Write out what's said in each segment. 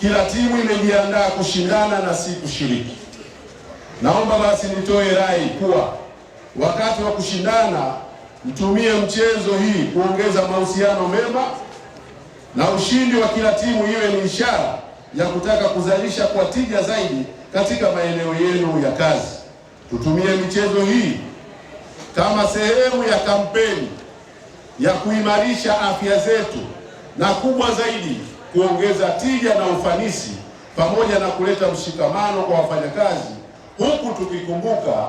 Kila timu imejiandaa kushindana na si kushiriki. Naomba basi nitoe rai kuwa wakati wa kushindana mtumie mchezo hii kuongeza mahusiano mema, na ushindi wa kila timu iwe ni ishara ya kutaka kuzalisha kwa tija zaidi katika maeneo yenu ya kazi. Tutumie michezo hii kama sehemu ya kampeni ya kuimarisha afya zetu na kubwa zaidi kuongeza tija na ufanisi pamoja na kuleta mshikamano kwa wafanyakazi, huku tukikumbuka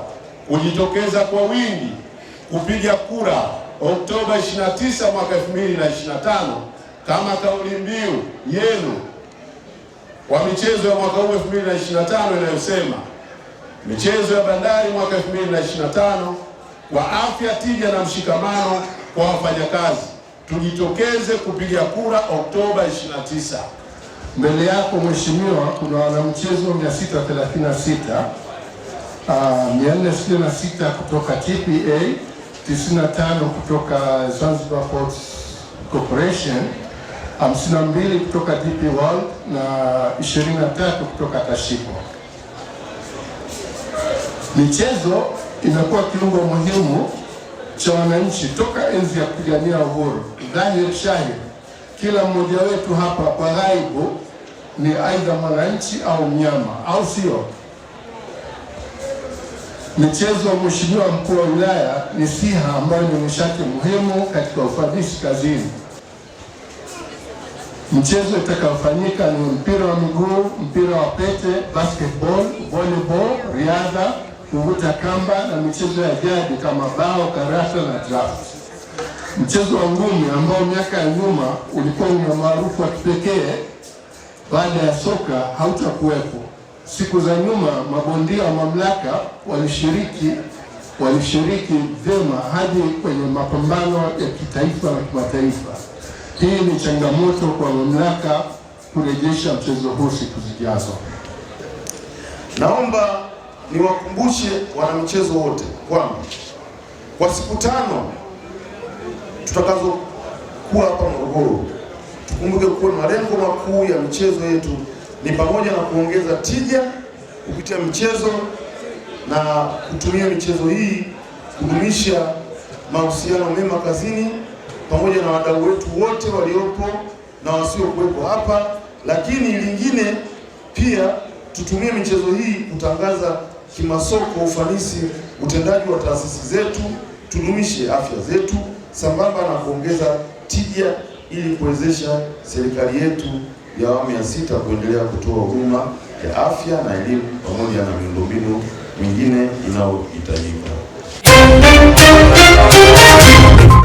kujitokeza kwa wingi kupiga kura Oktoba 29 mwaka 2025 kama kauli mbiu yenu wa michezo ya mwaka huu 2025 inayosema michezo ya bandari mwaka 2025 kwa afya, tija na mshikamano kwa wafanyakazi tujitokeze kupiga kura Oktoba 29. Mbele yako mheshimiwa, kuna wanamchezo 636 466 ah, kutoka TPA, 95 kutoka Zanzibar Ports Corporation, 52 kutoka DP World na 23 kutoka tashiko Michezo inakuwa kiungo muhimu cha wananchi toka enzi ya kupigania uhuru, dhahiri shahiri, kila mmoja wetu hapa kwa ghaibu ni aidha mwananchi au mnyama, au sio? Michezo, Mheshimiwa Mkuu wa Wilaya, ni siha ambayo ni nishati muhimu katika ufanisi kazini. Mchezo itakayofanyika ni mpira wa miguu, mpira wa pete, basketball, volleyball, riadha kuvuta kamba na michezo ya jadi kama bao, karata na draft. Mchezo wa ngumi ambao miaka ya nyuma ulikuwa una maarufu wa kipekee baada ya soka hautakuwepo. Siku za nyuma mabondia wa mamlaka walishiriki walishiriki vyema hadi kwenye mapambano ya kitaifa na kimataifa. Hii ni changamoto kwa mamlaka kurejesha mchezo huu siku zijazo. Naomba niwakumbushe wanamichezo wote kwamba kwa siku tano tutakazokuwa hapa Morogoro, tukumbuke kuwa malengo makuu ya michezo yetu ni pamoja na kuongeza tija kupitia michezo na kutumia michezo hii kudumisha mahusiano mema kazini pamoja na wadau wetu wote waliopo na wasiokuwepo hapa, lakini lingine pia tutumie michezo hii kutangaza kimasoko ufanisi utendaji wa taasisi zetu, tudumishe afya zetu sambamba na kuongeza tija ili kuwezesha serikali yetu ya awamu ya sita kuendelea kutoa huduma ya afya na elimu pamoja na miundombinu mingine inayohitajika.